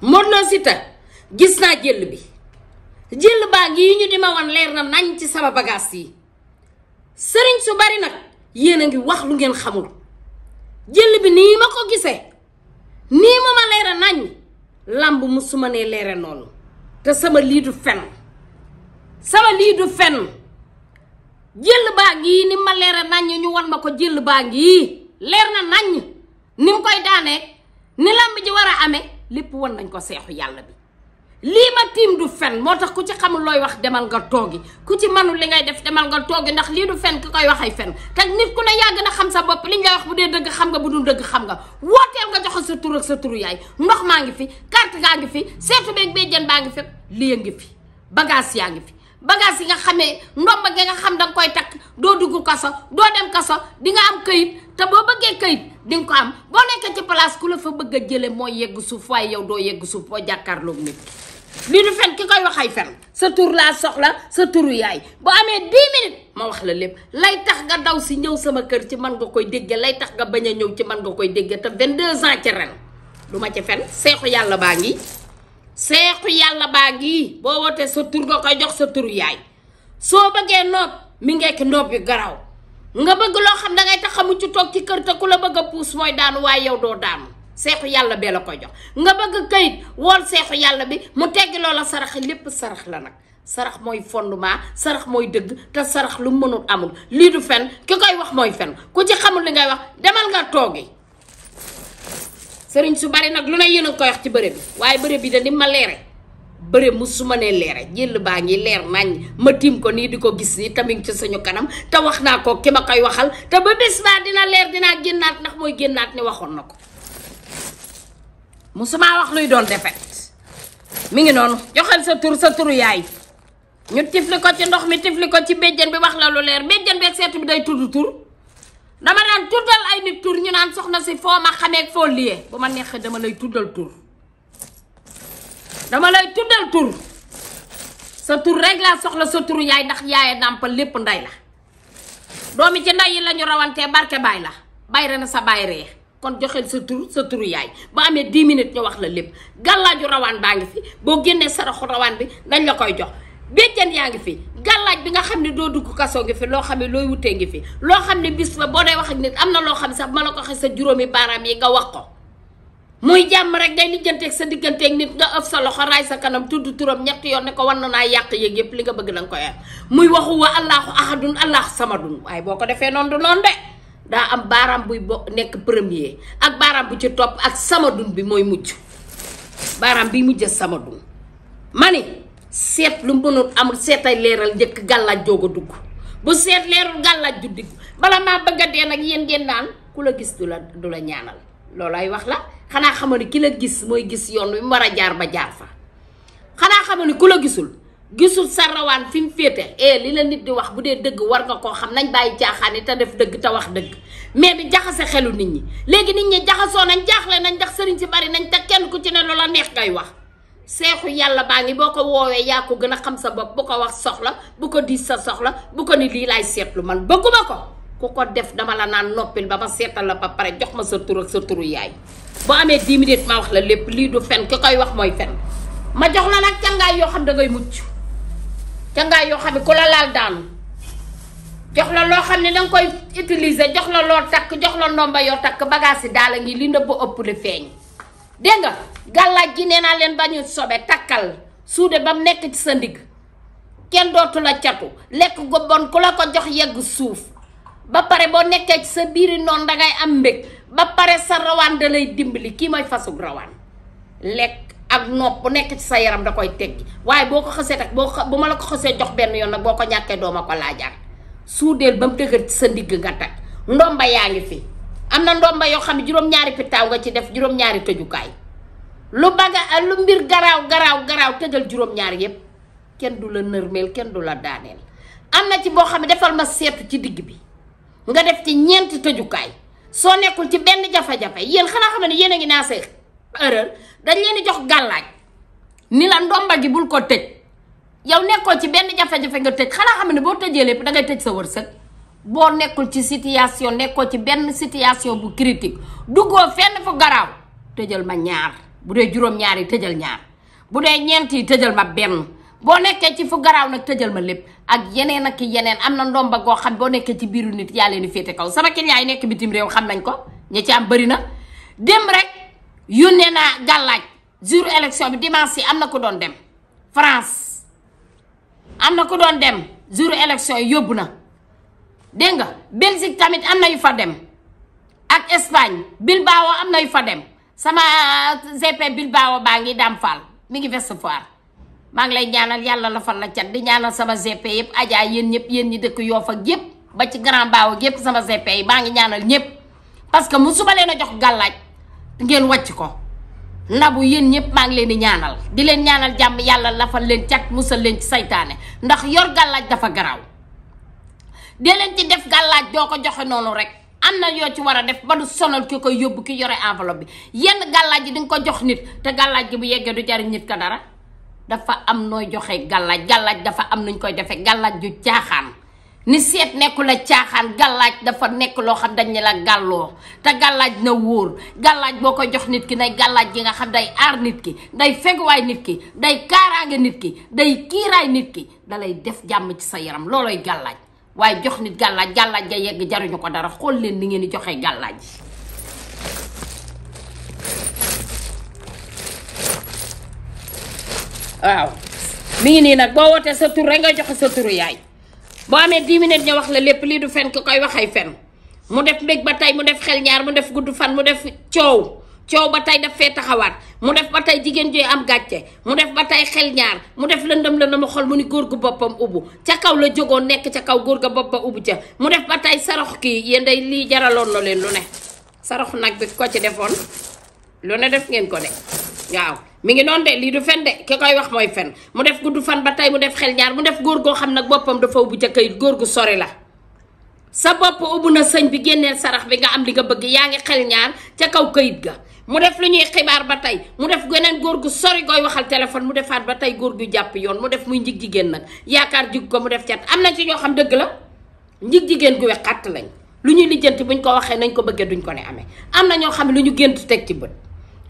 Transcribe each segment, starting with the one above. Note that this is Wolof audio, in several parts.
Modou sita gis na jël bi jël ba gi ñu dima wan leer na nañ ci sama bagage yi sëriñ su bari nak yeena ngi wax lu ngeen xamul jël bi ni ma gisé ni ma nañ lamb mu suma te sama li du fen sama li du fen jël ba gi ni ma leere nañ ñu wan ma jël ba gi leer na nañ nim koy daané ni lamb ji wara amé lépp wan nañ ko seexu yàlla bi lii ma tiim du fen moo tax ku ci xamul looy wax demal nga toogi ku ci manul li ngay def demal nga toogi ndax lii du fen ki koy waxay fen te nit ku ne yàgg na xam sa bopp li ngay wax bu dee dëgg xam nga bu dul dëgg xam nga wooteel nga joxe sa tur sa turu yaay ndox maa ngi fi carte gaa ngi fi seetu beeg béjjën baa ngi fi lii a ngi fi bagage yaa ngi fi bagage yi nga xamee ndomba gi nga xam danga koy takk doo dugg kaso doo dem kaso di nga am kayit te boo bëggee këyit di ko am boo nekkee ci place ku la fa bëgg a jële moo yegg suuf waaye yow doo yegg suuf boo jàkkaarloog nit lii du fen ki koy wax ay fen sa tur laa soxla sa turu yaay boo amee 10 minutes ma wax la lépp lay tax nga daw si ñëw sama kër ci man nga koy déggee lay tax nga bañ a ñëw ci man nga koy déggee te 22 ans ci ren du ma ci fen seexu yàlla baa ngi seexu yàlla baa ngi boo wootee sa tur nga koy jox sa turu yaay soo bëggee noob mi ngekk noob yu garaw nga bëgg loo xam da ngay tax xamu ci toog ci kër te ku la bëgg puus mooy daanu waaye yow doo daanu seexu yàlla bee la koy jox nga bëgg kayit wool seexu yàlla bi mu teggi loola sarax lépp sarax la nag sarax mooy fondement sarax mooy dëgg te sarax lu mënul amul lii du fen ki koy wax mooy fen ku ci xamul li ngay wax demal nga toogi sering su bari nak lu ne yéen koy wax ci bëre bi waaye bëre bi da ni ma leere bëre mu jël baangi nañ ma tim ko ni di gis ni tamit ci suñu kanam ta waxna ko kima kay waxal ta ba bes ba dina leer dina gennat nak moy gennat ni waxon na ko musuma wax luy doon defet mi ngi non joxal sa tour sa tour yaay ñu tifli ko ci ndox mi tifli ko ci béjjën bi wax la lu bi ak bi day tuddu tour dama tuddal ay nit tour ñu naan soxna ci fo ma ak fo lié bu ma nexé dama lay tuddal tur dama lay tuddal tur sa tur rek la soxla sa tour yaay ndax yaay nàmpal lepp nday la doomi ci nday yi lañu rawante barké bay la bay rena sa ré kon joxel sa tour sa turu yaay ba amé 10 minutes ñu wax la lepp galla ju baa baangi fi boo génnee saraxu rawaan bi dañ la koy jox béjjën yaa fi galaj bi nga xamni do dugg kasso gi fi lo xamni loy wuté ngi fi lo xamni bis la bo day wax ak nit amna lo xam sax mala ko xé sa juromi param yi nga wax ko muy jàmm rek lijeenté ak sa ak nit nga ëf sa loxo ray sa kanam tuddu turam ñett yoon ne ko wan na yaq yeeg yep li nga bëgg danga ko am muy waxu wa allah ahadun Allah samadun waaye boko défé non du non dé da am baram bu bo premier ak baram bu ci top ak samadun bi moy mujj baram bi mujj samadun mani seet lu mënul amul seetay leeral njëkk gàllaaj joog dugg bu seet leerul gàllaaj ju dugg bala maa bëgg a dee nag yéen ngeen naan ku la gis du la du la ñaanal loolu ay wax la xanaa xamal ni ki la gis mooy gis yoon wi war a jaar ba jaar fa xanaa xamal ni ku la gisul gisul sa rawaan fi mu féete eh li la nit di wax bu dee dëgg war nga koo xam nañ bàyyi caaxaani te def dëgg te wax dëgg mais di jaxase xelu nit ñi léegi nit ñi jaxasoo nañ jaaxle nañ dax sëriñ si bari nañ te kenn ku ci ne loola neex ngay wax seexu yalla bangi boko wowe ya ko gëna xam sa bop bu ko wax soxla bu ko di sa soxla bu ko ni li lay setlu man bëgguma ko ku ko def dama la naan noppil ba ma setal la ba pare jox ma sa tour ak sa touru yaay bo amé 10 minutes ma wax la lepp li du fen ki koy wax moy fen ma jox la nak cangaay yo xam da ngay mucc cangaay yo xam ko la laal daan jox la lo xam ne koy utiliser jox la lo tak jox la nomba yo tak bagage dala ngi li bu ëpp le feñ nga galla ji neena len bañu sobe takal soude bam nek ci sa ndigg kenn la ciatu lek go bon kula ko jox yegg souf ba pare bo nekkee ci sa non da ngay am mbek ba pare sa rawaan da lay dimbali ki mooy fasug rawaan lek ak nopp nek ci sa yaram da koy teggi waye boko ko tak bo buma la ko xese jox ben yon nak boko ñaké do mako ci sa ndomba yaangi fi amna ndomba yo xam juroom ñaari pitaw nga ci def juroom ñaari lu baga lu mbir garaaw garaaw garaaw tëjal juróom-ñaar yépp kenn du la nërmeel kenn du la daaneel am na ci boo xam ne defal ma seetu ci digg bi nga def ci ñeent tëjukaay soo nekkul ci benn jafe-jafe yéen xanaa xam ne yéen a ngi naa see dañ leen di jox gàllaaj ni bul ko tëj yow nekkoo ci benn jafe nga tëj xanaa xam ne boo tëjee lépp dangay tëj sa wërsëg boo nekkul ci situation nekkoo ci benn situation bu critique duggoo fenn fu garaaw tëjal ma ñaar. bu dee juróom-ñaar yi tëjal ñaar bu dee ñeent tëjël ma benn boo nekkee ci fu garaaw nag tëjël ma lépp ak yeneen ak yeneen am na ndomba goo xam boo nekkee ci biiru nit yaa leen féete kaw sama client yi nekk bitim réew xam nañ ko ñi ci am bëri na dem rek yónnee naa gàllaaj jour élection bi dimanche yi am na ko doon dem France am na ko doon dem jour élection yi yóbbu na dégg nga Belgique tamit am na yu fa dem ak Espagne Bilbao am na yu fa dem sama eh, GP baawo baa ngi daam faal mi ngi Ouest Foire maa ngi lay ñaanal yàlla lafal fal la cat di ñaanal sama GP yëpp ajaa yéen ñëpp yéen ñi dëkk Yoff ak yëpp ba ci Grand Mbao yëpp sama GP yi maa ngi ñaanal ñëpp parce que mu suma leen a jox gàllaaj ngeen wàcc ko ndabu yéen ñëpp maa ngi leen di ñaanal di leen ñaanal jàmm yàlla lafal leen cat musal leen ci saytaane ndax yor gàllaaj dafa garaaw di leen ci def gàllaaj doo ko joxe noonu rek am na yoo ci war a def ba du sonal ki koy yóbbu ki yore enveloppe bi yenn gàllaaj ji di nga ko jox nit te gàllaaj gi bu yeggee du jariñ nit ka dara dafa am nooy joxe gàllaaj gàllaaj dafa am nuñ koy defee gàllaaj ju caaxaan ni seet nekkul a caaxaan gàllaaj dafa nekk loo xam dañ ne la gàlloo te gàllaaj na wóor gàllaaj boo ko jox nit ki nay gàllaaj gi nga xam day aar nit ki day feguwaay nit ki day kaaraange nit ki day kiiraay nit ki dalay def jàmm ci sa yaram looloy gàllaaj waaye jox nit gàllaaj gàllaaj ga yegg jaruñu ko dara xool leen ni ngeen di joxe gàllaaj ji waaw mi ngi nii nag boo wootee sa tur rek nga joxe sa turu yaay boo amee 10 minutes ñu wax la lépp lii du fen ku koy wax ay fen mu def mbég ba tey mu def xel ñaar mu def gudd fan mu def coow coow ba tey daf fee taxawaat mu def ba tey jigéen jooy am gàcce mu def ba tey xel ñaar mu def lëndëm lëndëm xol mu ni góor gu boppam ubbu ca kaw la jógoon nekk ca kaw góor ga boppam ubbu ca mu def ba tey sarax kii yéen day lii jaraloon na leen lu ne sarax nag bi ko ci defoon lu ne def ngeen ko de waaw mu ngi noon de lii du fen de ki koy wax mooy fen mu def gudd fan ba tey mu def xel ñaar mu def góor goo xam nag boppam dafa ubbu ca kayit góor gu sori la sa bopp ubbu na sëñ bi génneel sarax bi nga am li nga bëgg yaa ngi xel ñaar ca kaw kayit ga mu def lu ñuy xibaar ba tay mu def gënen goor gu sori goy waxal téléphone mu defaat ba tay goor gu japp yoon mu def muy ndig jigéen nak yaakar jig ko mu def ciat amna ci ño xam deug la ndig jigéen gu wexatt lañ lu ñuy buñ ko waxee nañ ko bëgge duñ ko né amé amna ño xam ne lu ñu gént teg ci bët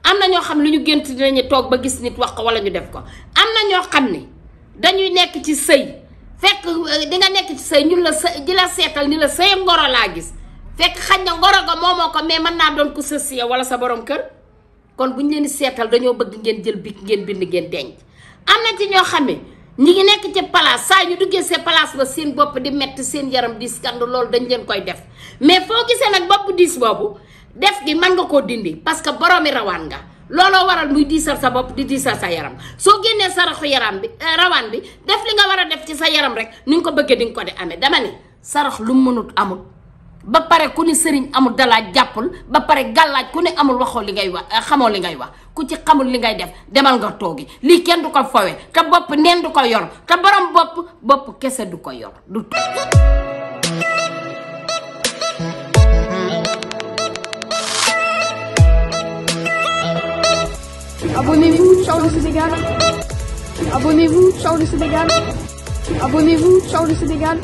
amna ño xam ne lu ñu gént dinañu toog ba gis nit wax ko wala ñu def ko amna ño xam ni dañuy nekk ci sey fekk euh, di nga nekk ci sey ñun la di la sétal ni la sey ngoro la gis Fek xagn na ngoro ga momo ko mais man na don ko sës ya wala sa borom keur kon buñ leen seetal daño bëgg ngeen jël bik ngeen bind ngeen denc amna ci ño xamé ñi ngi nekk ci place sa ñu duggé see place ba seen bop di metti seen yaram diis kand loolu dañ leen koy def mais fo gisé nak bopp dis bobu def gi man nga ko dindi parce que boroomi rawan nga lolo waral muy disar sa bop di disar sa yaram soo sa raxu yaram bi eh, rawan bi def li nga wara def ci sa yaram rek ni nga ko bëggee di nga ko di amé dama ni sarax lu mënut amul ba pare ku ni sëriñ amul dala jappul ba pare galaj ku ni amul waxo li ngay wax eh, xamoo li ngay wax ku ci xamul li ngay def demal nga togi li kenn du ko fowé ta bop neen du ko yor ta borom bop bop kese du ko yor du Abonnez-vous, Charles le Sénégal. Abonnez-vous, Charles le Sénégal. Abonnez-vous, Charles le Sénégal.